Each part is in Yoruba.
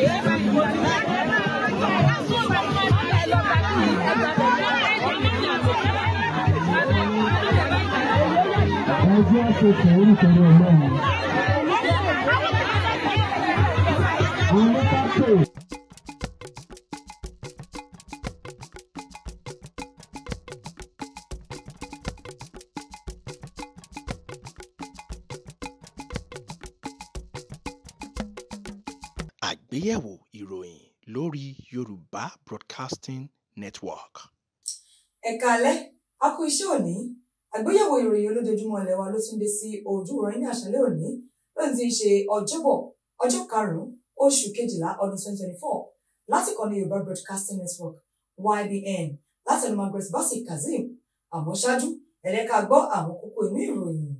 Ẹjọ́ ṣe fẹ́ orúkọ ọlọ́run. Yorùbá Broadcasting Network. Ẹ káalẹ́ a kú iṣẹ́ òní àgbéyẹ̀wò ìròyìn olójoojúmọ́ ilẹ̀ wa ló tún dé sí ojú ìròyìn ní àṣálẹ́ òní lóun ti ń ṣe ọjọ́bọ̀ ọjọ́ karùn-ún oṣù kejìlá ọdún twenty twenty four láti kọ́ni Yorùbá Broadcasting Network YBN láti ẹnu Margaret Basi Kazeem àmọ́ ṣáájú ẹ̀lẹ́ka gbọ́ àwọn kókó inú ìròyìn.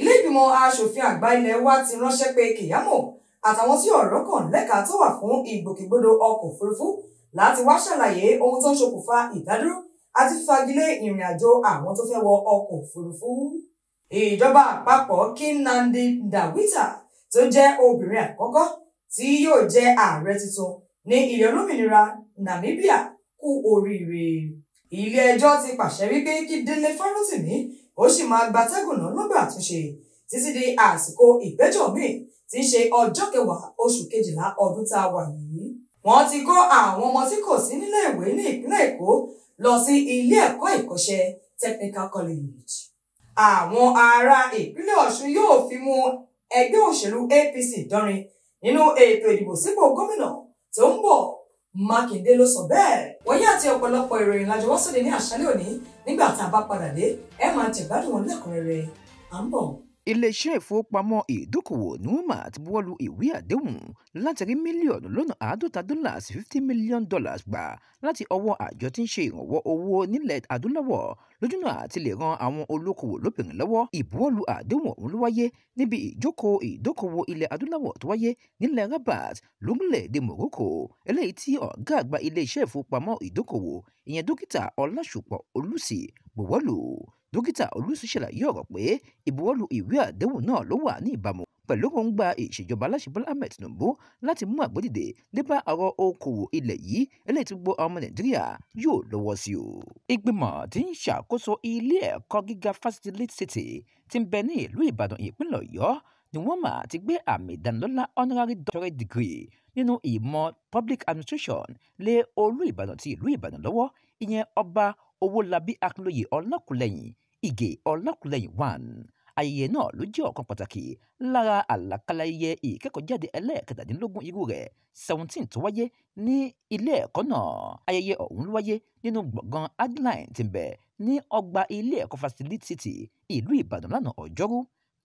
Ilé ìgbìmọ̀ aṣòfin àgbà ilẹ̀ wa ti ránṣẹ́ pé Kèyámọ̀ àtàwọn tí ọ̀rọ̀ kàn lẹ́ka tó wà fún ìgbòkègbodò ọkọ̀ òfurufú láti wá ṣàlàyé ohun tó ń ṣokùnfà ìdádúró àti fagilé ìrìn àjò àwọn tó fẹ́ wọ ọkọ̀ òfurufú. ìjọba àpapọ̀ Nnamdi Ndawita tó jẹ́ obìnrin àkọ́kọ́ tí yóò jẹ́ ààrẹ tuntun ní ilẹ̀ olómìnira Namibia kú oríire. ilé ẹjọ́ ti pàṣẹ wípé kí Délé Fárótìmí ó sì máa gbatẹ́gùn náà lọ́gbà àtúnṣe títí di àsìkò ìgbẹ́jọ́ míì tí í ṣe ọjọ́ kẹwàá oṣù kejìlá ọdún tá a wà yìí wọ́n ti kó àwọn ọmọ tí kò sí nílé ìwé ní ìpínlẹ̀ èkó lọ sí ilé ẹ̀kọ́ ìkọ́ṣẹ́ technical college àwọn ará ìpínlẹ̀ ọ̀ṣun yóò fi mú ẹgbẹ́ òṣèlú apc dánrin nínú ètò ìdìbò sípò gómìnà tó ń bọ̀ mákindé ló sọ bẹ́ẹ̀ wọ́n yá àti ọ̀pọ̀lọpọ̀ ìròyìn lájọ wọ́n sọ̀rọ̀ ní àṣálẹ́ òní nígbà tá a bá padà dé ẹ máa jẹ̀gbádùn wọn lẹ́kùnrẹ́rẹ́ à ń bọ̀ iléeṣẹ́ ìfowópamọ́ ìdókòwò numa ti buwọ́lu ìwé àdéhùn láti rí mílíọ̀nù lọ́nà àádọ́ta dọ́là sí fifty million dollars gbà láti ọwọ́ àjọ tí ń ṣe ìrànwọ́ owó nílẹ̀ adúláwọ̀ lójúnà àti lè ran àwọn olókoòwò lóbìnrin lọ́wọ́ ìbuwọ́lù àdéhùn ọ̀hún ló wáyé níbi ìjókòó ìdókòwò ilẹ̀ adúláwọ̀ tó wáyé nílẹ̀ Rabat lórílẹ̀‐èdè Morocco eléyìí tí ọ̀gá àgbà iléeṣẹ́ ìfowópamọ́ ìdókòwò ìyẹn dókítà Ọláṣùpọ̀ Olùsì buwọ́lù dókítà Olùsì ṣàlàyé ọ̀rọ̀ pé ìbuwọ́lù ìwé àdéhùn náà ló wà ní ìbámu pẹ̀lú òǹgbà ìṣèjọba aláṣẹ Bọ́lá Ahmed Tinubu láti mú àgbédìde débá ọ̀rọ̀ okòwò ilẹ̀ yìí eléyìí tó gbọ́ ọmọ Nàìjíríà yóò lọ́wọ́ sí o. ìgbìmọ̀ tí ń ṣàkóso ilé ẹ̀kọ́ gíga fásitì Lead City ti ń bẹ ní ìlú Ìbàdàn ìpínlẹ̀ Ọ̀yọ́ ni wọ́n mà ti gbé àmì ìdánilọ́lá honorary doctorate degree nínú ìmọ̀ public administration lé olú Ìbàdàn ti ìlú Ìbàdàn lọ́wọ́ ìyẹn ọba Owólabí Akínlóye Ọlákùlẹ́yìn Ìgè Ọlákùlẹ́yìn one ayẹyẹ náà ló jẹ́ ọ̀kan pàtàkì lára àlàkalẹ̀ ayẹyẹ ìkẹ́kọ̀ọ́jáde ẹlẹ́ẹ̀kẹtàdínlógún irú rẹ̀ seventeen tó wáyé ní ilé ẹ̀kọ́ náà ayẹyẹ ọ̀hún ló wáyé nínú gbọ̀ngàn adline tí ń bẹ ní ọgbà ilé ẹ̀kọ́ facility ìlú ìbàdàn lánàá ọjọ́rú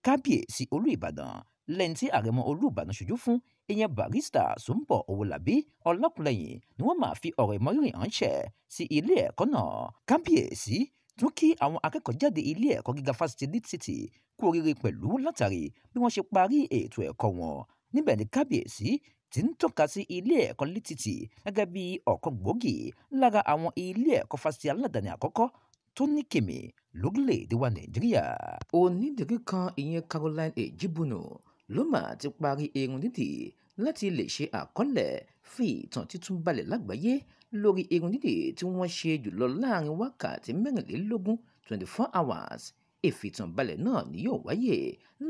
kábíyèsí olú ìbàdàn lẹ́yìn tí àrẹ̀mọ olú ìbàdàn ṣojú fún ìyẹn barista sọ́nbọ̀ owólabí ọlọ́kùnlẹ́yìn ni wọ́n máa fi ọ̀rọ̀ ìmọrírì ránṣẹ́ sí ilé ẹ̀kọ́ náà kábíyèsí tún kí àwọn akẹ́kọ̀ọ́ jáde ilé ẹ̀kọ́ gíga fásitì lead city kú oríire pẹ̀lú látàrí bí wọ́n ṣe parí ètò ẹ̀kọ́ wọn níbẹ̀ ni kábíyèsí ti ń tọ́ka sí ilé ẹ̀kọ́ lead city gẹ́gẹ́ bí ọ̀kan gbòógì lára àwọn ilé ẹ̀kọ́ fásitì aládàáni àkọ́kọ́ tó ní kèmí lórílẹ̀‐èdè wa nàìjíríà. onídìrí kan ìyẹn caroline ejibuno ló mà ti parí irun dídì láti lè ṣe àkọọ́lẹ̀ fi ìtàn títún balẹ̀ lágbàáyé lórí irun dídì tí wọ́n ṣe jùlọ láàrin wákàtí mẹ́rìnlélógún twenty four hours ìfìtànbalẹ̀ náà ni yóò wáyé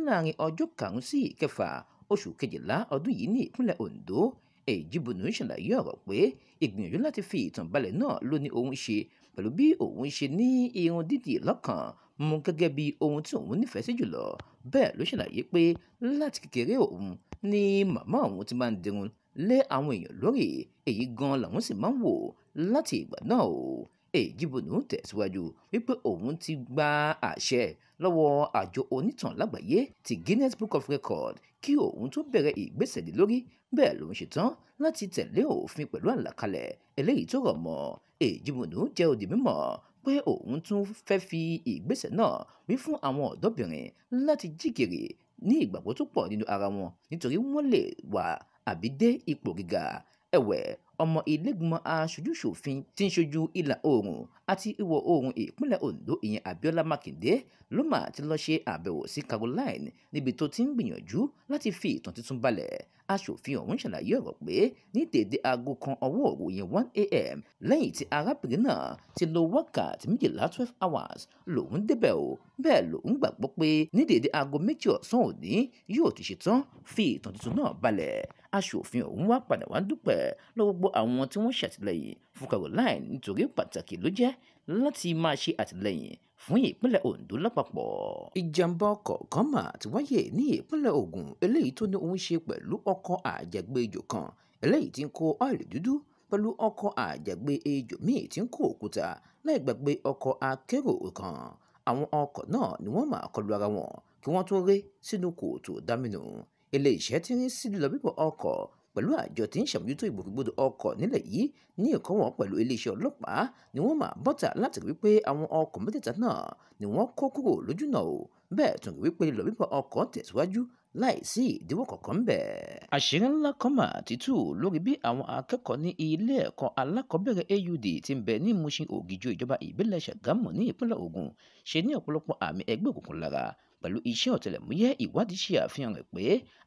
láàrin ọjọ́ karùn-ún sí ìkẹfà oṣù kejìlá ọdún yìí ní ìpínlẹ̀ Ondo Èjìbùnú ṣàlàyé ọ̀rọ̀ pé ìgbìyànjú láti fi ìtànbalẹ̀ náà ló ní òun ṣe pẹ̀lú bí òun ṣe ní irun dídì lọ́kàn mú gẹ́gẹ́ bí ohun tí òun nífẹ̀ẹ́ sí jùlọ bẹ́ẹ̀ ló ṣàlàyé pé láti kékeré òun ni màmá òun ti máa ń dirun lé àwọn èèyàn lórí èyí gan làwọn sì máa ń wò láti ìgbà náà o èjìbọnú tẹ̀síwájú wípé òun ti gba àṣẹ lọ́wọ́ àjọ onítàn lágbàáyé ti Guinness Book of Records kí òun tó bẹ̀rẹ̀ ìgbésẹ̀ lé lórí bẹ́ẹ̀ lòun ṣetán láti tẹ̀lé òfin pẹ̀lú àlàkalẹ̀ eléyìí tó rọ̀ mọ́ èjìbọnú jẹ́ òdì mímọ̀ pé òun tún fẹ́ fi ìgbésẹ̀ náà wí fún àwọn ọ̀dọ́bìnrin láti jígèrè ní ìgbàgbọ́ tó pọ̀ nínú ara wọn nítorí wọ́n lè wà àbí dé ipò gíga ẹ̀wẹ̀ ọmọ ilégbìmọ̀ aṣojúṣòfin tí ń ṣojú ìlà oòrùn àti ìwọ̀ oòrùn ìpínlẹ̀ Ondo ìyẹn Abiola Makinde ló mà ti lọ ṣe àbẹ̀wò sí Caroline níbi tó ti ń gbìyànjú láti fi ìtàn tuntun balẹ̀ aṣòfin ọ̀hún ṣàlàyé ọ̀rọ̀ pé ní déédé aago kan ọwọ́ òru yẹn one a.m. lẹ́yìn tí arábìnrin náà ti lo wákàtí méjìlá twelve hours lòún débẹ̀ o bẹ́ẹ̀ lòún gbàgbọ́ pé ní déédé aago méjì ọ̀sán òní yóò ti ṣetán fi ìtàn tuntun náà balẹ̀ aṣòfin ọ̀hún wá padà wá dúpẹ́ lọ́wọ́ gbogbo àwọn tí wọ́n ṣàtìlẹ́yìn fún Caroline nítorí pàtàkì ló jẹ́ láti máa ṣe àtìlẹ́yìn fún ìpínlẹ̀ Ondo lápapọ̀. ìjàmbá ọkọ̀ kan ti wáyé ní ìpínlẹ̀ Ògùn eléyìí tó ní òun ṣe pẹ̀lú ọkọ̀ àjàgbé ejò kan eléyìí tí ń kó ọ́ìlì dúdú pẹ̀lú ọkọ̀ àjàgbé ejò míì tí ń kó òkúta láì gbàgbé ọkọ̀ akérò kan àwọn ọkọ̀ náà ni wọ́n máa kọlu ara wọn kí wọ́n tó ré sínú kòtò dámínú ilé iṣẹ́ tí ń bíbọ̀ ọkọ̀ pẹ̀lú àjọ tí ń ṣàmójútó ìgbòkègbodò ọkọ̀ nílẹ̀ yìí ní ìkọ́wọ̀n pẹ̀lú iléeṣẹ́ ọlọ́pàá ni wọ́n máa bọ́ta láti rí pé àwọn ọkọ̀ mẹ́tẹ̀ẹ̀ta náà ni wọ́n kó kúrò lójúnà o bẹ́ẹ̀ tún rí wípé lọ bíbọn ọkọ̀ tẹ̀síwájú láìsí ìdíwọ́ kankan bẹ́ẹ̀. àṣírí ńlá kan mà títù lórí bí àwọn akẹ́kọ̀ọ́ ní ilé ẹ̀kọ́ alákọ̀ọ́bẹ̀rẹ̀ AUD ti ń bẹ ní Mushin Ògìjò ìjọba ìbílẹ̀ Ṣàgámù ní ìpínlẹ̀ Ògùn ṣe ní ọ̀pọ̀lọpọ̀ àmì ẹgbẹ́ òkùnkùn lára pẹ̀lú iṣẹ́ ọ̀tẹlẹ̀múyẹ́ ìwádìí ṣe àfihàn rẹ̀ pé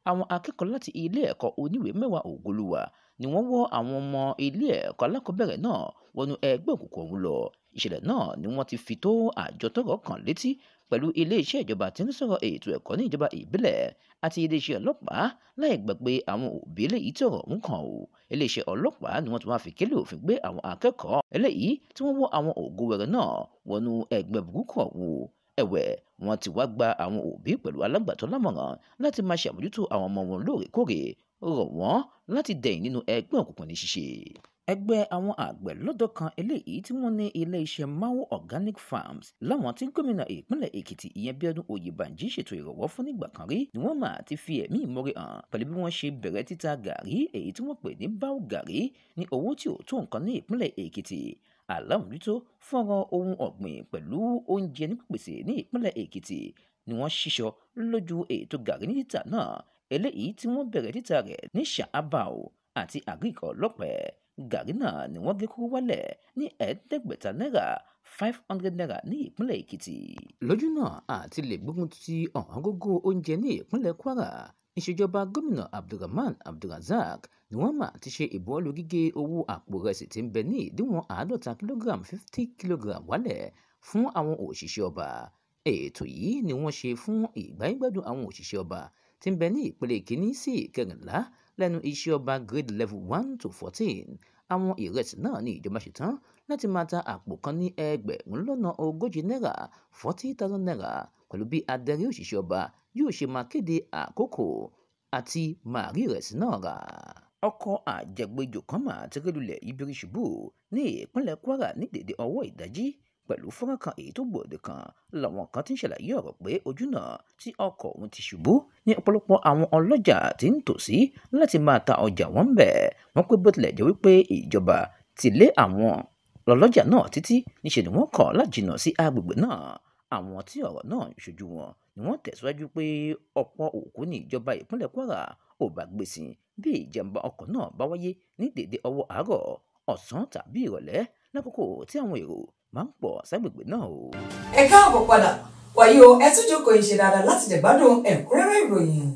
àwọn akẹ́kọ̀ọ́ láti ilé ẹ̀kọ́ oníwèé mẹ́wàá ògolúwa ni wọ́n wọ́ àwọn ọmọ ilé ẹ̀kọ́ alákọ̀ọ́bẹ̀rẹ̀ náà wọnú ẹgbẹ́ òkùnkùn ọ̀hún lọ ìṣẹ̀lẹ̀ náà ni wọ́n ti fi tó àjọ tọ́rọ̀ kàn létí pẹ̀lú iléeṣẹ́ ìjọba tí ń sọ̀rọ̀ ètò ẹ̀kọ́ ní ìjọba ìbílẹ̀ àti iléeṣẹ́ ọlọ́pàá láì gbàgbé àwọn òbí eléyìí tí ọ̀rọ̀ ń kàn ó iléeṣẹ́ ọlọ́pàá ni wọ́n ti máa fi kélé òfin gbé àwọn akẹ́kọ̀ọ́ eléyìí tí wọ́n wọ́ àwọn ògo wẹ̀rẹ̀ náà wọnú ẹgbẹ́ burúkú ọ̀hún ẹ̀wẹ̀ wọ́n ti wá gba àwọn òbí pẹ̀lú alágbàtọ́ lámọ̀ràn láti máa ṣàmójútó àwọn ọmọ wọn lóòrèkóòrè rọ̀ wọ́n láti dẹ̀yìn nínú ẹgbẹ́ òkùnkùn ní ṣíṣe ẹgbẹ́ àwọn àgbẹ̀ lọ́dọ̀ kan eléyìí tí wọ́n ní ilé-iṣẹ́ Mawo Organic Farms láwọn tí gómìnà ìpínlẹ̀ Èkìtì ìyẹn Bíọ́dún Oyèbánjí ṣètò ìrọ̀wọ́ fún nígbà kan rí ni wọ́n máa ti fi ẹ̀mí ìmoore hàn pẹ̀lú bí wọ́n ṣe bẹ̀rẹ̀ títa gàrí èyí tí wọ́n pè ní báwò gàrí ní owó tí ò tó nǹkan ní ìpínlẹ̀ Èkìtì alámòjútó fọ́nrán ohun ọ̀gbìn pẹ̀lú oúnjẹ ní pípèsè ní ìpínlẹ̀ Èkìtì ni wọ́n ṣíṣọ lójú ètò gàrí ní títà náà eléyìí tí wọ́n bẹ̀rẹ̀ títà rẹ̀ ní ṣàábàó àti àgíkọ̀ lọ́pẹ́ gàrí náà ni wọ́n gé kúrú wálẹ̀ ní ẹ̀ẹ́dẹ́gbẹ̀ta náírà five hundred naira ní ìpínlẹ̀ èkìtì. lójúnà àti lè gbógun ti ọ̀hángógó oúnjẹ ní ìpínlẹ̀ kwara ìṣèjọba gómìnà abdulrahman abdulrazak ni wọ́n mà ti ṣe ìbuwọ́lù gígé owó àpò rẹsì tí ń bẹ ní ìdíwọ̀n àádọ́ta kìlógíráàmù fifty kìlógíráàmù wálẹ̀ fún àwọn òṣìṣẹ́ ọba ètò yìí ni wọ́n ṣe fún ìgbáyégbádùn àwọn òṣìṣẹ́ ọba tí ń bẹ ní ìpele kìíní sí ìkẹrìnlá lẹ́nu iṣẹ́ ọba grade level one to fourteen àwọn ìrẹsì náà ní ìjọba ṣetán láti máa ta àpò kan ní ẹgbẹ̀rún lọ́nà ogójì náírà forty thousand naira pẹ̀lú bí adarí òṣìṣẹ́ ọba yóò ṣe máa kéde àkókò àti màrí ìrẹsì náà rà ọkọ̀ àjẹgbẹjò kan mà ti rélulẹ̀ ibiri ṣubú ní ìpínlẹ̀ Kwara ní dèdè ọwọ́ ìdájí pẹ̀lú fọ́nrán kan èyí tó gbòde kan làwọn kan ti ń ṣàlàyé ọ̀rọ̀ pé ojúnà tí ọkọ̀ òun ti ṣubú ní ọ̀pọ̀lọpọ̀ àwọn ọlọ́jà tí ń tòsí láti máa ta ọjà wọn ń bẹ̀ wọ́n pé bó tilẹ̀ jẹ́ wípé ìjọba ti lé àwọn ọlọ́jà náà títí níṣẹ́ ni wọ́n kọ̀ láti jìnnà sí agbègbè náà àwọn tí ọ̀rọ̀ náà ń ṣojú wọn ni wọ́n tẹ̀síwájú pé ọ̀pọ̀ òkú ní ìjọba ìpínlẹ̀ Kwara ò bá gbèsè bí ìjàmbá ọkọ̀ náà bá wáyé ní déédé ọwọ́ àárọ̀ ọ̀sán tàbí ìrọ̀lẹ́ lákòókò tí àwọn èrò máa ń pọ̀ ságbègbè náà o. ẹ káàbọ̀ padà wàyí o ẹ tún jókòó ìṣe dáadáa láti jẹ̀gbádùn ẹ̀kúnrẹ́rẹ́ ìròyìn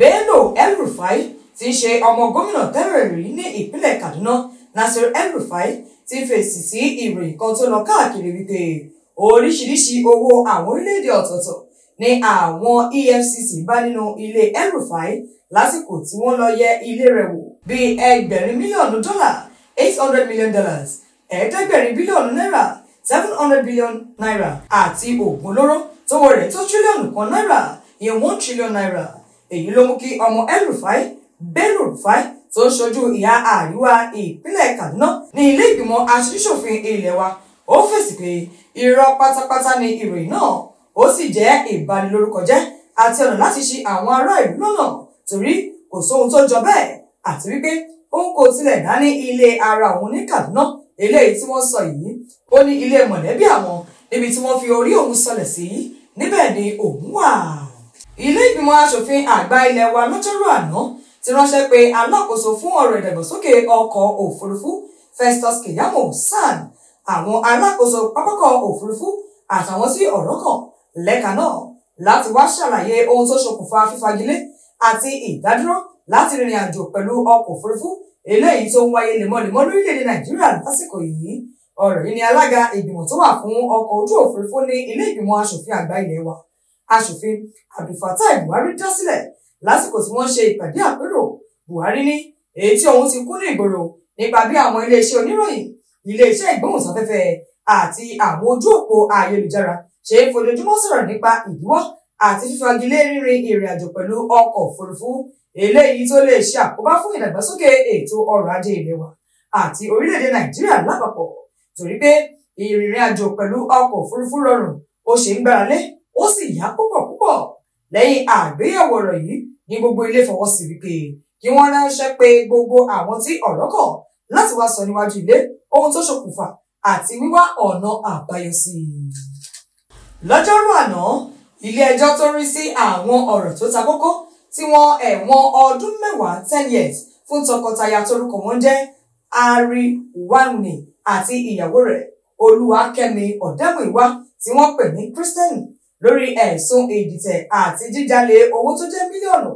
Bello El-Rufai tí í ṣe ọmọ gómìnà tẹ́lẹ̀ rí ní ìpínlẹ̀ Kaduna Nasir El-Rufai ti fèsì sí ìròyìn kan tó lọ káàkiri wípé oríṣiríṣi owó àwọn orílẹ̀-èdè ọ̀tọ̀ọ̀tọ̀ ni àwọn EFCC bá nínú ilé El-Rufai lásìkò tí wọ́n lọ yẹ ilé rẹ̀ wò bíi ẹgbẹ̀rin mílíọ̀nù dọ́là eight hundred million dollars ẹ̀ẹ́dẹ́gbẹ̀rin bílíọ̀nù náírà seven hundred billion naira àti oògùn olóró tówó rẹ̀ tó tírílíọ̀nù kan náírà ìyẹn one trillion naira èyí ló mú kí ọmọ El-Rufai Bello Rufai tó ń ṣojú ìhà àríwá ìpínlẹ̀ Kaduna ní ilé ìgbìmọ̀ aṣojúṣòfin ilé wa ó fèsì pé irọ́ pátápátá ni ìròyìn náà ó sì jẹ́ ìbanilórúkọjẹ́ àti ọ̀nà láti ṣi àwọn ará ìlú lọ́nà torí kò sóhun tó jọ bẹ́ẹ̀ àti wípé òun kò tilẹ̀ dá ní ilé ara òun ní Kaduna eléyìí tí wọ́n sọ yìí ó ní ilé mọ̀lẹ́bí àwọn níbi tí wọ́n fi orí òun sọlẹ̀ sí níbẹ̀ ni òun wà. ilé ìgbìmọ̀ asòfin àgbà ilẹ̀ wa lọ́jọ́rú àná ti ránṣẹ́ pé alákòóso fún ọ̀rọ̀ ìdàgbàsókè ọkọ̀ òfurufú Festus Keyamo SAN àwọn alákòóso pápákọ̀ òfurufú àtàwọn tí ọ̀rọ̀ kàn lẹ́ka náà láti wá ṣàlàyé ohun tó ṣokùnfà fífagilé àti ìdádúró láti rìnrìn àjò pẹ̀lú ọkọ̀ òfurufú eléyìí tó ń wáyé lemọ́lemọ́ lórílẹ̀‐èdè nàìjíríà lásìkò yìí ọ̀rọ̀ yìí ni alága ìgbìmọ̀ tó wà fún ọkọ̀ ojú òfurufú ní ilé ìgbìmọ̀ asòfin àgbà ilé wa asòfin abdulfatai buhari dá sílẹ̀ lásìkò tí wọ́n ṣe ìpàdé àpérò buhari ní èyí tí òun ti kún ní ìgboro nípa bí àwọn iléeṣẹ́ oníròyìn iléeṣẹ́ ìgbóhùnsáfẹ́fẹ́ àti àwọn ojú òpó ayélujára ṣe é fojoojúmọ́ sọ̀rọ̀ nípa ìdíwọ́ àti fífagilé rírin ìrìn àjò pẹ̀lú ọkọ̀ òfurufú eléyìí tó lè ṣe àkóbá fún ìdàgbàsókè ètò ọrọ̀ ajé ilé wa àti orílẹ̀-èdè nàìjíríà lápapọ̀ torí pé ìrìn àjò pẹ̀lú ọkọ̀ òfurufú rọrùn ó ṣe ń gbáralé ó sì yá púpọ̀ púpọ̀ lẹ́yìn àgbéyẹ̀wò ọ̀rọ̀ yìí ní gbogbo ilé fọwọ́ sí wípé kí wọ́n ránṣẹ́ pé gbogbo àwọn tí ọ̀rọ̀ kọ̀ láti wá sọ níwájú ilé ohun tó ṣokùnfà àti wíwá ọ̀nà àbáyọ sí i. lọ́jọ́rú àná ilé ẹjọ́ tó rí sí àwọn ọ̀rọ̀ tó ta kókó tí wọ́n ẹ̀wọ̀n ọdún mẹ́wàá ten years fún tọkọtaya torúkọ wọn jẹ́ Harry Wawne àti ìyàwó rẹ̀ Olúwakẹ́mi Ọ̀dẹ́mùíwá tí wọ́n pè ní Christian lórí ẹ̀sùn ìdìtẹ̀ àti jíjalè owó tó jẹ́ mílíọ̀nù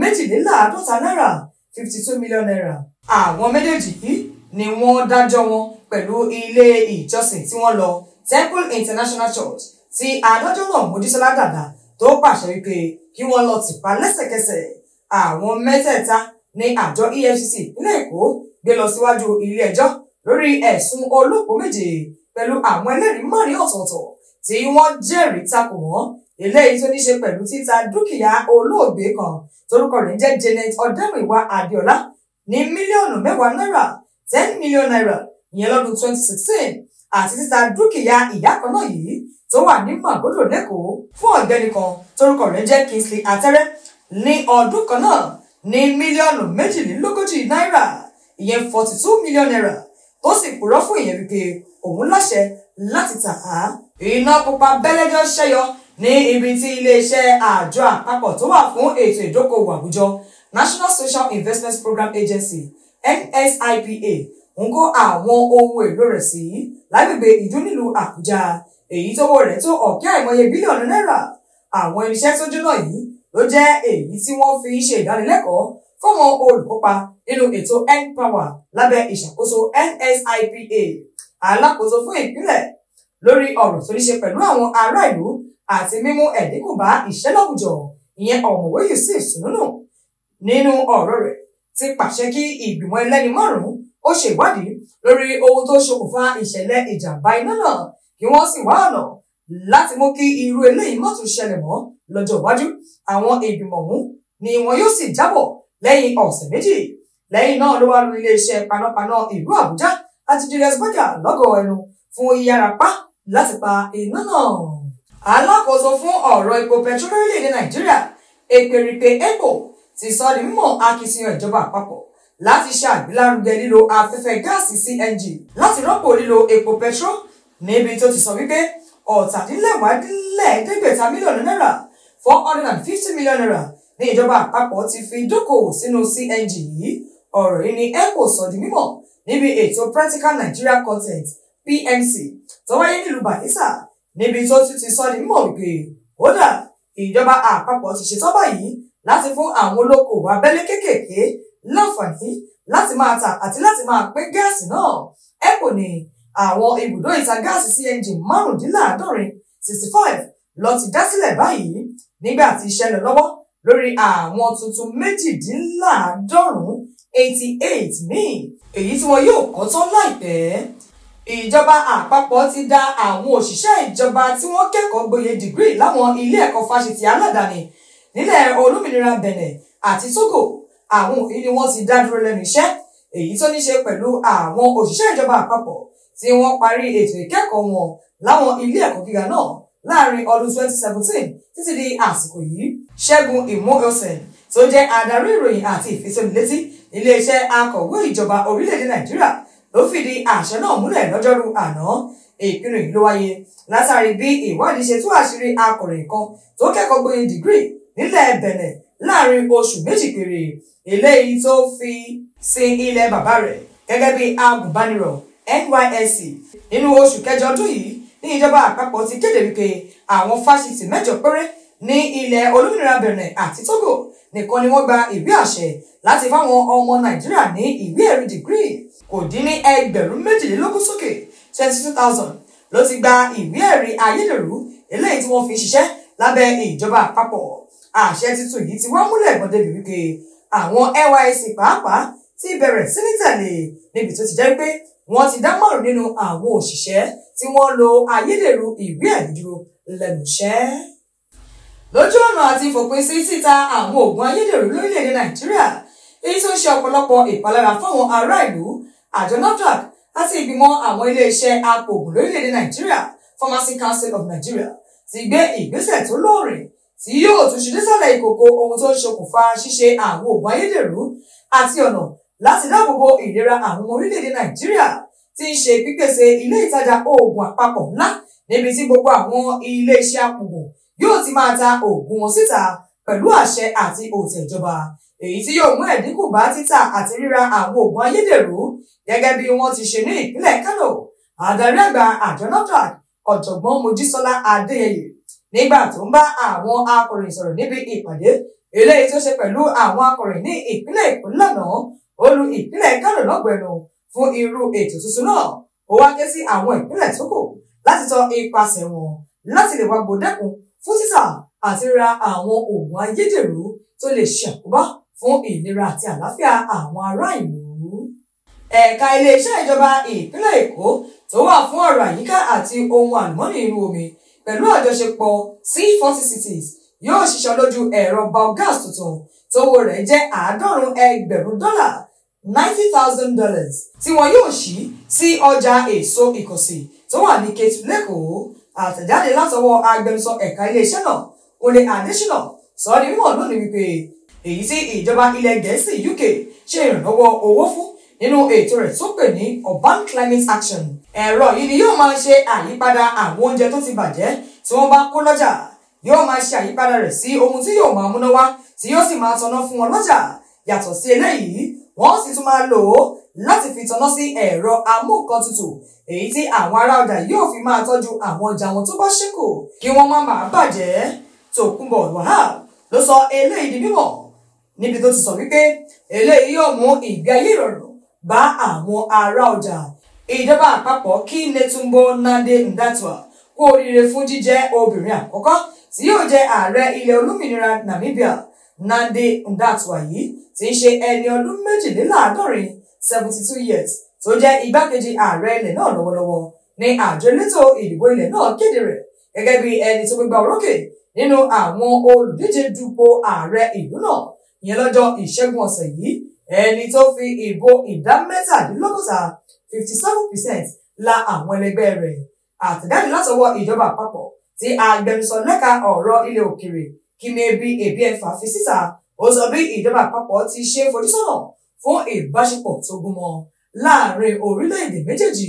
méjìléláàádọ́ta náírà fifty two million naira àwọn méjèèjì yìí ni wọ́n dájọ́ wọn pẹ̀lú ilé ìjọsìn tí wọ́n lọ Temple International Church tí adájọ́ náà Mojísọ́lá Dàda tó pàṣẹ wípé kí wọ́n lọ tìpa lẹ́sẹ̀kẹsẹ̀ àwọn mẹ́tẹ̀ẹ̀ta ní àjọ EFCC ìpínlẹ̀ Èkó gbé lọ síwájú ilé ẹjọ́ lórí ẹ̀sùn olóko méje pẹ̀lú àwọn ẹlẹ́rìí mọ́rin ọ̀tọ̀ọ̀tọ̀ tí wọ́n jẹ́rìí takò wọ́n eléyìí tó ní ṣe pẹ̀lú títa dúkìá olóògbé kan torúkọ rẹ̀ jẹ́ Janet Ọ̀dẹ́mìwá Adéọlá ní mílíọ̀nù mẹ́wàá náírà ten million naira ìyẹn lọ́dún twenty sixteen àti títa dúkìá ìyá kan náà yìí tó wà ní màgòdò lẹ́kọ̀ọ́ fún ọ̀gbẹ́ni kan torúkọ rẹ̀ jẹ́ Kingsley Atẹ́rẹ́ ní ọdún kan náà ní mílíọ̀nù méjìlélógójì náírà ìyẹn forty two million naira tó sì purọ́ fún ìyẹn wípé òun láṣẹ láti tà á. iná pupa bẹ́lẹ́jọ́ ṣẹ́yọ ní ibi tí iléeṣẹ́ àjọ àpapọ̀ tó wà fún ètò ìdókòwò àwùjọ National Social Investment Program Agency NSIPA ń kó àwọn ohun èlò rẹ̀ sí lágbègbè ìdúnílùú Àbújá èyí tówó rẹ̀ tó ọ̀kẹ́ àìmọye bílíọ̀nù náírà àwọn irinṣẹ́ tó jóná yìí ló jẹ́ èyí tí wọ́n fi ń ṣe ìdánilẹ́kọ̀ọ́ fáwọn olùkópa nínú ètò npower lábẹ́ ìṣàkóso NSIPA alákòóso fún ìpínlẹ̀ lórí ọ̀rọ̀ tó ní ṣe pẹ̀lú àwọn ará ìlú àti mímú ẹ̀dínkù bá ìṣẹ́ láwùjọ ìyẹn ọ̀mọ̀wé Yusuf Sununu nínú ọ̀rọ̀ rẹ̀ ti pàṣẹ kí ìgbìmọ̀ ẹlẹ́ni márùn-ún ó ṣèwádìí lórí ohun tó ṣokùnfà ìṣẹ̀lẹ̀ ìjàmbá iná náà kí wọ́n sì wá ọ̀nà láti mú kí irú eléyìí má tún ṣẹlẹ̀ mọ́ lọ́jọ́ iwájú àwọn ìgbìmọ̀ ọ̀hún ni wọn yóò sì jábọ̀ lẹ́yìn ọ̀sẹ̀ méjì lẹ́yìn náà ló wá lu iléeṣẹ́ panápaná ìlú Àbújá àti Julius Berger lọ́gọ̀ ẹnu fún yíyárapá láti pa iná náà. alákòóso fún ọ̀rọ̀ epo pẹtrólù orílẹ̀-èdè Nàìjíríà Ekperike Eco ti sọ di mímọ̀ akitiyan ìjọba àpapọ̀ láti ṣe àgbélárugẹ lílo afẹ́fẹ́ gáàsì CNG láti rọ́pò lílo epo pẹtrólù níbi tó ti sọ wípé ọ̀tàdínlẹ́wàádínlẹ́ẹ̀ẹ́dẹ́gbẹ̀ta mílíọ̀nù náírà four hundred and fifty million naira ní ìjọba àpapọ̀ ti fi dókòwò sínú CNG yìí ọ̀rọ̀ yìí ni eco sọ di mímọ̀ níbi ètò practical Nigeria content PMC tó wáyé nílùú Bayelsa níbi tó tún ti sọ di mímọ̀ wípé kódà ìjọba àpapọ̀ ti ṣetán báyìí láti fún àwọn olókoòwò abẹ́lé kéékèèké láǹfààní láti máa tà àti láti máa pín gáàsì náà eco ni àwọn ibùdó ìta gáàsì CNG márùndínláàádọ́rin sixty five ló ti dá sílẹ̀ báyìí nígbà tí iṣẹ́ lọ lọ́wọ́ lórí àwọn tuntun méjìdínláàádọ́rùn-ún eighty eight míì èyí tí wọn yóò kọ́ tán láìpẹ́ ìjọba àpapọ̀ ti dá àwọn òṣìṣẹ́ ìjọba tí wọ́n kẹ́kọ̀ọ́ gboyè dìgírì láwọn ilé ẹ̀kọ́ fásitì aládàáni nílẹ̀ olómìnira Benin àti Togo àwọn òfin ni wọ́n ti dá dúró lẹ́nu iṣẹ́ èyí tó ní ṣe pẹ̀lú àwọn òṣìṣẹ́ ìjọba àpapọ̀ tí wọ́n parí ètò ìkẹ́kọ̀ọ́ wọn láwọn ilé ẹ̀kọ́ gíga náà láàrin ọdún 2017 títí di àsìkò yìí ṣẹ́gun ìmúgọ́sẹ̀ tó jẹ́ adarí ìròyìn àti ìfisónilétí iléeṣẹ́ akọ̀wé ìjọba orílẹ̀-èdè nàìjíríà ló fìdí àṣẹ náà múlẹ̀ lọ́jọ́rú àná ìpinnu yìí ló wáyé látàrí bí ìwádìí ṣe tú àṣírí akọ̀ròyìn kan tó kẹ́kọ̀ọ́ gboyè dìgírì nílẹ̀ bẹ̀nẹ̀ láàrin oṣù méjì péré eléyìí tó fi sin ilẹ̀ bàbá rẹ̀ gẹ́gẹ́ bí agùnbánirọ̀ NYSC nínú oṣù kẹjọ ọdún yìí ní ìjọba àpapọ̀ ti kéde wípé àwọn fásitì mẹ́jọ péré ní ilẹ̀ olómìnira Benin àti Togo nìkan ni wọ́n gba ìwé àṣẹ láti fáwọn ọmọ Nàìjíríà ní ìwé ẹ̀rí dìgírì kò dín ní ẹgbẹ̀rún méjìlélógún sókè twenty two thousand ló ti gba ìwé ẹ̀rí ayédèrú eléyìí tí wọ́n fi ṣiṣẹ́ lábẹ́ ìjọba àpapọ̀ àṣẹ tuntun yìí ti wá múlẹ̀ gbọ́n débi wípé àwọn NYSC pàápàá ti bẹ̀rẹ̀ sí ní tẹ̀lé níbi tó ti jẹ́ pé wọ́n ti dá márùn nínú àwọn òṣìṣẹ́ tí wọ́n lo ayédèrú ìwé ẹ̀rí dúró lẹ́nu iṣẹ́ lójú ọ̀nà àti fòpin sí títa àwọn oògùn ayédèrú lórílẹ̀‐èdè nàìjíríà èyí tó ń ṣe ọ̀pọ̀lọpọ̀ ìpalára fáwọn ará ìlú àjọ nafdac àti ìgbìmọ̀ àwọn iléeṣẹ́ apòògùn lórílẹ̀‐èdè nàìjíríà pharmacy council of nigeria ti gbé ìgbésẹ̀ tó lóòrìn tí yóò tún ṣe nísàlẹ̀ ìkòkò ohun tó ń ṣokùnfà ṣíṣe àwọn oògùn ayédèrú àti ọ̀nà láti dáàbò bo ìlera àwọn ọmọ orílẹ̀-èdè nàìjíríà tí ń ṣe pípèsè ilé ìtajà oògùn àpapọ̀ ńlá níbi tí gbogbo àwọn iléeṣẹ́ apògùn yóò ti máa ta oògùn wọn síta pẹ̀lú àṣẹ àti òtẹ̀ ìjọba èyí tí yóò mú ẹ̀dínkù bá títà àti ríra àwọn oògùn ayédèrú gẹ́gẹ́ bí wọ́n ti ṣe ní ìpínlẹ̀ kánò adarí àgbà àjọ nafdac ọ̀jọ̀gbọ́n mojísọ́lá adéyẹyẹ nígbà tó ń bá àwọn akọ̀ròyìn sọ̀rọ̀ níbi ìpàdé eléyìí tó ṣe pẹ̀lú àwọn akọ̀ròyìn ní ìpínlẹ̀ èkó lánàá olú ìpínlẹ̀ Kánò lọ́gbẹ̀nù fún irú ètò tuntun náà ó wá ké sí àwọn ìpínlẹ̀ tó kù láti tọ ipasẹ̀ wọn láti lè wá gbòdẹ́kun fún títà àti ra àwọn oògùn ayédèrú tó lè ṣàkóbá fún ìlera àti àlàáfíà àwọn ará ìlú. ẹ̀ka iléeṣẹ́ ìjọba ìpínlẹ̀ Èkó tó wà fún ọ̀rọ̀ àyíká àti ohun àlùmọ́nì inú omi pẹ̀lú àjọṣepọ̀ C40 yóò ṣiṣọ́ lójú ẹ̀rọ biogas tuntun tówó rẹ̀ jẹ́ àádọ́rùn-ún ẹgbẹ̀rún dọ́là ninety thousand dollars tí wọn yóò ṣí sí ọjà èso ìkọ̀sì tó wà ní Kétu lẹ́kọ̀ọ́ àtẹ̀jáde látọwọ́ agbẹnusọ ẹ̀ka iléeṣẹ́ náà Kúnlé Adéṣínà sọ ọ́ di mímọ̀ lónìí wípé èyí tí ìjọba ilẹ̀ Gẹ̀ẹ́sì UK ṣe ìrànlọ́wọ́ owó fún nínú ètò rẹ̀ tó pè ní Urban Climate Action ẹ̀rọ yìí ni yóò máa ṣe àyípadà àwọn oúnjẹ tó ti bàjẹ́ tí wọ́n bá kó lọ́jà yóò máa ṣe àyípadà rẹ̀ sí ohun tí yóò máa múná wá tí yóò sì máa tanná fún wọn lọ́jà yàtọ̀ sí eléyìí wọ́n sì tún máa lò ó láti fi tanná sí ẹ̀rọ amúǹkantutù èyí tí àwọn ará ọjà yóò fi máa tọ́jú àwọn ọjà wọn tó bá ṣẹ́kù kí wọ́n má máa bàjẹ́ Tòkunbọ̀ Wahab ló sọ eléyìí di mímọ̀ níbi tó ti sọ wípé eléyìí yóò mú ìgbé ayé ìrọ̀rùn bá àwọn ará ọjà ìjọba àpapọ̀ kí Netumbo Nande Ndaitwah kú oríire fún jíjẹ́ obìnrin àkọ́kọ́ tí yóò jẹ ààrẹ ilẹ̀ olómìnira Namibia Nande Ndatwayi ti ń ṣe ẹni ọdún méjìléláàádọ́rin seventy two years tó jẹ́ igbákejì ààrẹ ilẹ̀ náà lọ́wọ́lọ́wọ́ ní àjọ elétò ìdìbò ilẹ̀ náà kéde rẹ̀ gẹ́gẹ́ bí ẹni tó gbégbá orókè nínú àwọn olùdíje dupò ààrẹ ìlú náà ìyẹn lọ́jọ́ ìṣẹ́gun ọ̀sẹ̀ yìí ẹni tó fi ìbò ìdá mẹ́tàdínlọ́gọ́ta fifty seven percent la àwọn ẹlẹgbẹ́ rẹ̀ àtẹ̀jáde látọwọ́ ìjọba àpapọ̀ tí agbẹnusọ lẹ́ka ọ̀rọ̀ ilẹ̀ òkèrè kí ni ebi ebi ẹ̀fà fi síta ó sọ bí ìjọba àpapọ̀ ti ṣe fojúsọ́nà fún ìbáṣepọ̀ tó gúnmọ́ láàrin orílẹ̀-èdè méjèèjì.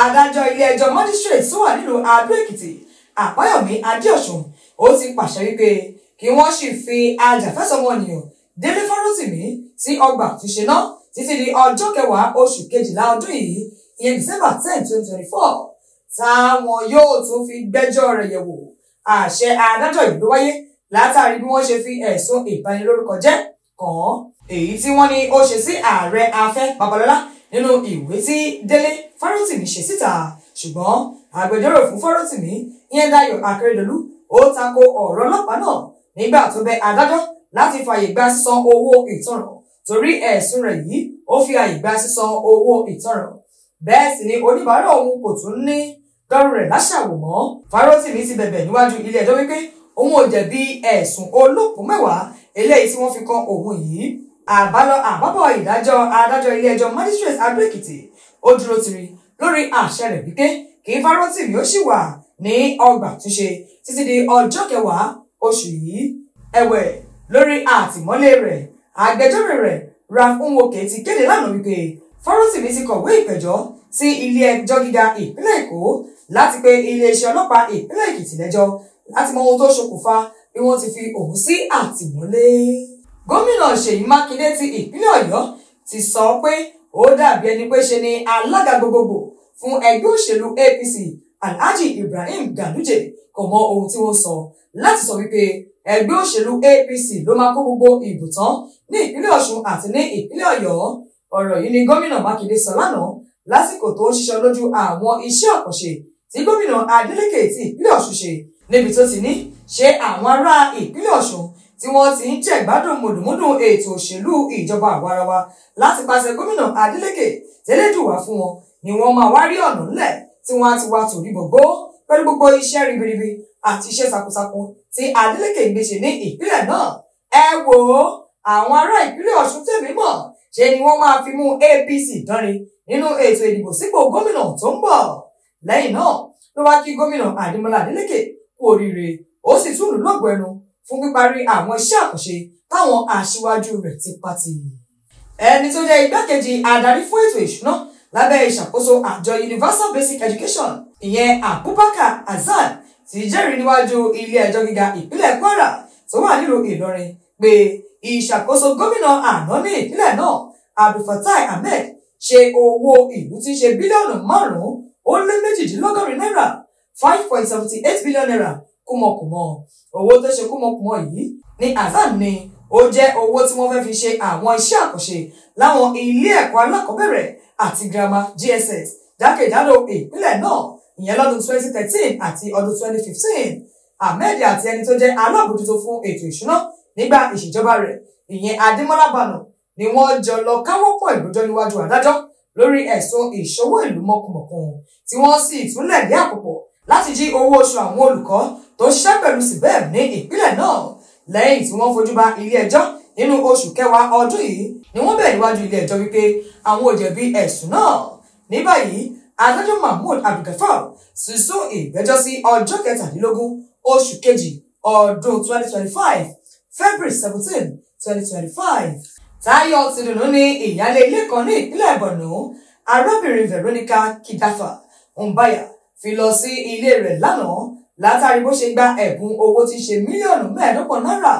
adájọ́ ilé-ẹjọ́ magistrate tó wà nílùú adó-èkìtì àbáyọ̀mí adéọ̀sùn ó ti pàṣẹ wípé kí wọ́n sì fi ajàfẹ́sọmọnìyàn délé fọ́rọ́tìmí sí ọgbà àtúnṣe náà títí di ọjọ́ kẹwàá oṣù kejìlá ọdún yìí ìyẹn december ten twenty twenty four táwọn yóò tún fi gbẹ́jọ́ rẹ̀ yẹ̀wò àṣẹ adájọ́ yìí ló wáyé látàrí bí wọ́n ṣe fi ẹ̀sùn ìbanilórúkọ jẹ́ kàn án èyí tí wọ́n ní ó ṣe sí ààrẹ afẹ́ babalọ́lá nínú ìwé tí délé fárótìmí ṣe síta ṣùgbọ́n agbẹjọ́rò fún fárótìmí ìyẹn dayọ̀ akérèdọ́lù ó tako ọ̀rọ̀ ọlọ́pàá náà nígbà tó bẹ adájọ́ láti fààyè gba sísan owó ìtanràn torí ẹ̀sùn rẹ̀ yìí ó fi àyè gba sísan owó ìtanràn bẹ́ẹ̀ sì ni oníbàárà òun kò tún ní dọ́rùn rẹ̀ láṣàwò mọ́ Fárótìmí ti bẹ̀bẹ̀ níwájú ilé ẹjọ́ wípé òun ò jẹ̀bi ẹ̀sùn olókùn mẹ́wàá eléyìí tí wọ́n fi kan òun yìí àbálọ àbábọ̀ ìdájọ́ adájọ́ ilé ẹjọ́ magistrate Adó Èkìtì ó dúró tiri lórí àṣẹ rẹ̀ wípé kí Fárótìmí ó sì wà ní ọgbà túnṣe títí di ọjọ́ kẹwàá oṣù yìí ẹ̀wẹ̀ lórí àtìmọ́lé rẹ̀ agbẹjọ́rò rẹ̀ Ralph Nwoke ti kéde lánàá wípé Fárótìmí ti kọ̀wé ìpẹ̀jọ́ sí ilé ẹjọ́ gíga ìpínlẹ̀ Èkó láti pe iléeṣẹ́ ọlọ́pàá ìpínlẹ̀ Èkìtì lẹ́jọ́ láti mọ ohun tó ṣokùnfà bí wọ́n ti fi òun sí àtìmọ́lé. Gómìnà Ṣèyí Mákindé ti ìpínlẹ̀ Ọ̀yọ́ ti sọ pé ó dàbí ẹni pé ṣe ni alága gbogbogbò fún ẹgbẹ́ òṣèlú APC Alhaji Ibrahim Ganduje kò mọ ohun tí wọ́n sọ láti sọ wípé ẹgbẹ́ òṣèlú APC ló máa kó gbogbo ìbò tán ní ìpínlẹ̀ Ọ̀ṣun àti ní ìpínlẹ̀ Ọ̀yọ́ ọ̀rọ̀ yìí ni gómìnà Mákindé sọ lánàá lásìkò tó ń ṣiṣẹ́ lójú àwọn iṣẹ́ àkànṣe tí gómìnà Adeleke ti ìpínlẹ̀ Ọ̀ṣun ṣe níbi tó ti ní ṣe àwọn ará ìpínlẹ̀ Ọ̀ṣun tí wọ́n ti ń jẹ̀gbádùn mùdùmúdùn ètò òṣèlú ìjọba àwarawa láti pàṣẹ gómìnà Adeleke tẹ́lẹ̀dùwà fún wọn ni wọ́n máa wá ọ̀nà ńlẹ̀ tí wọ́n á ti wá tòrí gbogbo pẹ̀lú gbogbo iṣẹ́ ribiribi àti iṣẹ́ takuntakun tí Adeleke gbèsè ní ìpínlẹ̀ náà ẹ wò ó àwọn ará ìpínlẹ̀ Ọ̀ṣun tèmi mọ̀ ṣe ni wọ́n máa fi mú APC dánrin nínú ètò ìdìbò sípò gómìnà tó ń bọ̀ lẹ́yìn náà ló wá kí gómìnà Adémọ́lá Adélékè kú oríire ó sì tún lù lóògùn ẹnu fún píparí àwọn iṣẹ́ àkànṣe táwọn aṣíwájú rẹ̀ ti pa tì. ẹni tó jẹ́ igbákejì adarí fún ètò ìṣúná lábẹ́ ìṣàkóso àjọ Universal Basic Education ìyẹn Abubakar Azad ti jẹ́rìí níwájú ilé ẹjọ́ gíga ìpínlẹ̀ Kwara tó wà nílùú Ìlọrin pé ìṣàkóso gómìnà àná ní ìpínlẹ̀ náà Abdulfatai Ahmed ṣe owó ìlú tí ń ṣe bílíọ̀nù márùn-ún ó lé méjìdínlọ́gọ́rin náírà five point seventy eight billion naira kúmọkùmọ owó tó ṣe kúmọkùmọ yìí ni Hasan ní ó jẹ́ owó tí wọ́n fẹ́ fi ṣe àwọn iṣẹ́ àkànṣe láwọn ilé ẹ̀kọ́ alákọ̀ọ́bẹ̀rẹ̀ àti girama GSS jákèjádò ìpínlẹ̀ náà ìyẹn lọ́dún twenty thirteen àti ọdún twenty fifteen Ahmed àti ẹni tó jẹ́ alábòjútó fún ètò ìṣúná nígbà ìṣèjọba rẹ̀ ìyẹn Adémọ́lá Bano ni wọ́n jọ lọ káwọ́ pọ̀ ìgbẹ́jọ́ níwájú adájọ́ lórí ẹ̀sùn ìṣòwò ìlú mọ̀kùmọ̀kùn tí wọ́n sì tún lẹ̀dí àpòpọ̀ láti jí owó oṣù àwọn olùkọ́ tó ṣiṣẹ́ pẹ̀lú síbẹ̀m ní ìpínlẹ̀ náà lẹ́yìn tí wọ́n fojú ba ilé ẹjọ́ nínú oṣù kẹwàá ọdún yìí ni wọ́n bẹ̀ níwájú ilé ẹjọ́ wípé àwọn ò jẹ̀bi ẹ̀sùn náà ní báyìí adájọ́ mahmood abdulgafar sì sún ìgbẹ́jọ́ sí ọjọ́ kẹtàdínlógún oṣù kejì ọdún twenty twenty five february seventeen twenty twenty five táyọ̀ tìdùnnú ni ìyáálé ilé kan ní ìpínlẹ̀ borno arábìnrin veronica kidafa mbaya fi lọ sí ilé rẹ̀ lánàá látàrí bó ṣe gba ẹ̀bùn owó tí ṣe mílíọ̀nù mẹ́ẹ̀ẹ́dọ́gbọ̀n náírà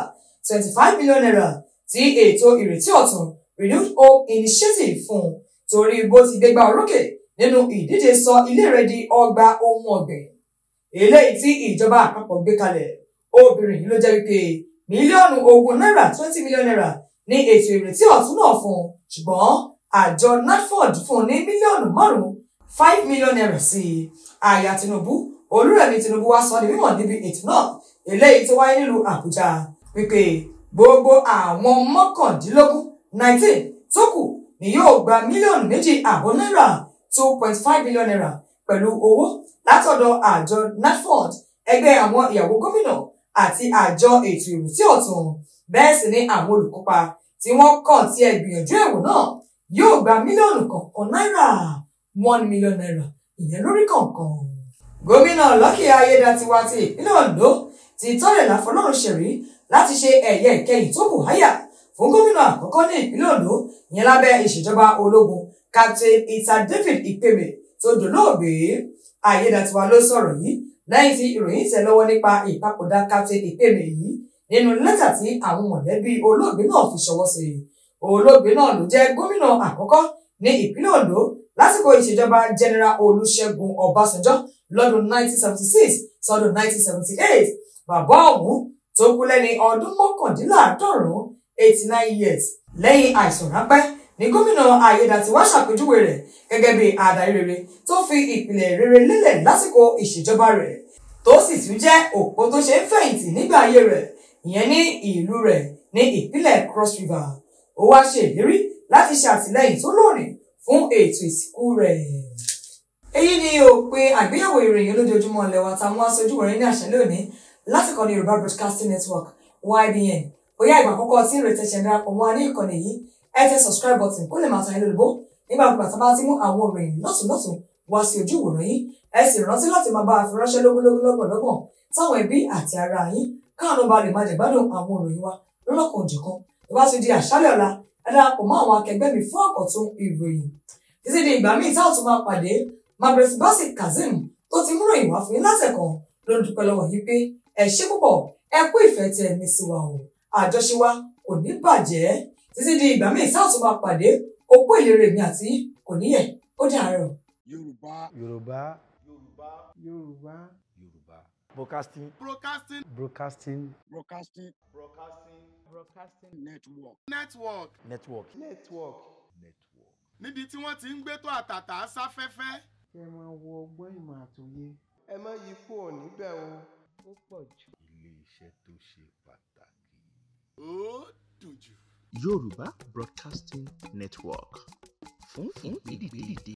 twenty five million naira ti ètò ìrètí ọ̀tun renewed hope initiative fún un torí bó ti gbégbá orókè nínú ìdíje sọ ilé rẹ̀ di ọgbà ohun ọ̀gbìn eléyìí tí ìjọba àpapọ̀ gbé kalẹ̀ obìnrin yìí ló jẹ́ wípé mílíọ̀nù ogún náírà twenty million naira ní ètò ìrètí ọ̀tún náà fún un ṣùgbọ́n àjọ NAFOD fún un ní mílíọ̀nù márùn-ún five million naira sí i àyà Tinubu Olúrẹ̀mí Tinubu wá sọ ní mímọ̀ níbi ètò náà eléyìí tó wáyé nílùú Àbújá wípé gbogbo àwọn mọ́kàndínlógún nineteen tó kù ni yóò gba mílíọ̀nù méjì àbọ̀ náírà two point five million naira pẹ̀lú owó látọ̀dọ̀ àjọ NAFOD ẹgbẹ́ àwọn ìyàwó gómìnà àti àjọ ètò ìrètí ọ̀tún bẹ́ẹ̀ sì ni àwọn olùkópa tí wọ́n kàn tí ẹ gbìyànjú èwò náà yóò gba mílíọ̀nù kọ̀ọ̀kan náírà one million naira ìyẹn lórí kọ̀ọ̀kan. gómìnà Lucky Ayédatiwa ti ìpínlẹ̀ Ondo ti tọ́lẹ̀ láfọlọ́run ṣẹ̀rí láti ṣe ẹ̀yẹ ìkẹyìn tó kù háyà fún gómìnà àkọ́kọ́ ní ìpínlẹ̀ Ondo yẹn lábẹ́ ìṣèjọba ológun Captain Peter David Ipeme tó dolóògbé Ayédatiwa ló sọ̀rọ̀ yìí lẹ́yìn tí ìròyìn tẹ̀ lọ́wọ́ nípa ìpapòdà Captain Ipeme yìí nínú lẹ́tà tí àwọn mọ̀lẹ́bí olóògbé náà fi ṣọwọ́ sí i olóògbé náà ló jẹ́ gómìnà àkọ́kọ́ ní ìpínlẹ̀ Ondo lásìkò ìṣèjọba general Olúṣẹ́gun Ọbásanjọ́ lọ́dún 1976 sọ́dún 1978 bàbá ọ̀hún tó kú lẹ́ni ọdún mọ́kàndínláàádọ́rùn-ún 89 years lẹ́yìn àìsàn ráńpẹ́ ní gómìnà Ayédàtiwá ṣàpèjúwe rẹ̀ gẹ́gẹ́ bí adarí rere tó fi ìpìlẹ̀ rere lélẹ̀ lásìkò ìṣèjọba rẹ̀ tó sì tún jẹ́ òpó tó ṣe ń fẹ̀yìntì nígbà ayé rẹ̀ ìyẹn ní ìlú rẹ̀ ní ìpínlẹ̀ Cross River ó wá ṣe ìlérí láti ṣe àtìlẹ́yìn tó lóòrìn fún ètò ìsìnkú rẹ̀. èyí ni òpin àgbéyẹ̀wò ìròyìn olójoojúmọ́ lẹ́wà táwọn aṣojú wọ̀nyí ní àṣẹ lónìí lásìkò ní Yorùbá Broadcasting Network YBN bóyá ìgbà àkọ́kọ́ tí ìrètí ṣẹ̀ darapọ̀ mọ́ ní ìkànnì yìí ẹ tẹ subscribe button kó lè máa tàn yín lólobó nígbà gbogbo àtàbá ti mú àwọn ìròyìn lọ́tùnlọ́tùn wá sí ojú ìwòran yín ẹ sì rántí láti máa bá a fi ránṣẹ́ lógúnlógún lọ́gbọ̀nlọ́gbọ̀n táwọn ẹbí àti ará yín káàánú ba lè máa jẹ̀gbádùn àwọn òròyìn wa lọ́lọ́kan òjọ̀kan tó bá ti di àṣálẹ̀ ọ̀la ẹ darapọ̀ mọ́ àwọn akẹgbẹ́ mi fún ọ̀kọ̀tún ìròyìn títí di ìgbà míì tá ò tún máa pàdé margaret bassey kazeem tó ti múrò ìwà fún yín láṣẹ kan ló dúpẹ́ lọ́wọ́ yín pé ẹ ṣé púpọ̀ ẹ kú ìfẹ́ tẹ ẹ̀mí sí wa o àjọṣe wa kò ní bàjẹ́ títí di ìgbà míì tá ò tún máa pàdé òkú ìlérè mi àti kò níyẹ̀ ó o yorùbá yorùbá yorùbá yorùbá. Broadcasting. Broadcasting. Broadcasting. Broadcasting. Broadcasting. Broadcasting. Network. Network. Network. Network. Network. Níbi tí wọ́n ti ń gbé tó àtàtà sáfẹ́fẹ́. Ẹ máa wo ọgbọ́n ìmọ̀ àtòyé. Ẹ má yí kú ọ̀ níbẹ̀ o. Ó pọ̀ jù. Ilé-iṣẹ́ tó ṣe pàtàkì. Ó dùn jù. Yorùbá Broadcasting Network fún ìgbèdìgbèdìde.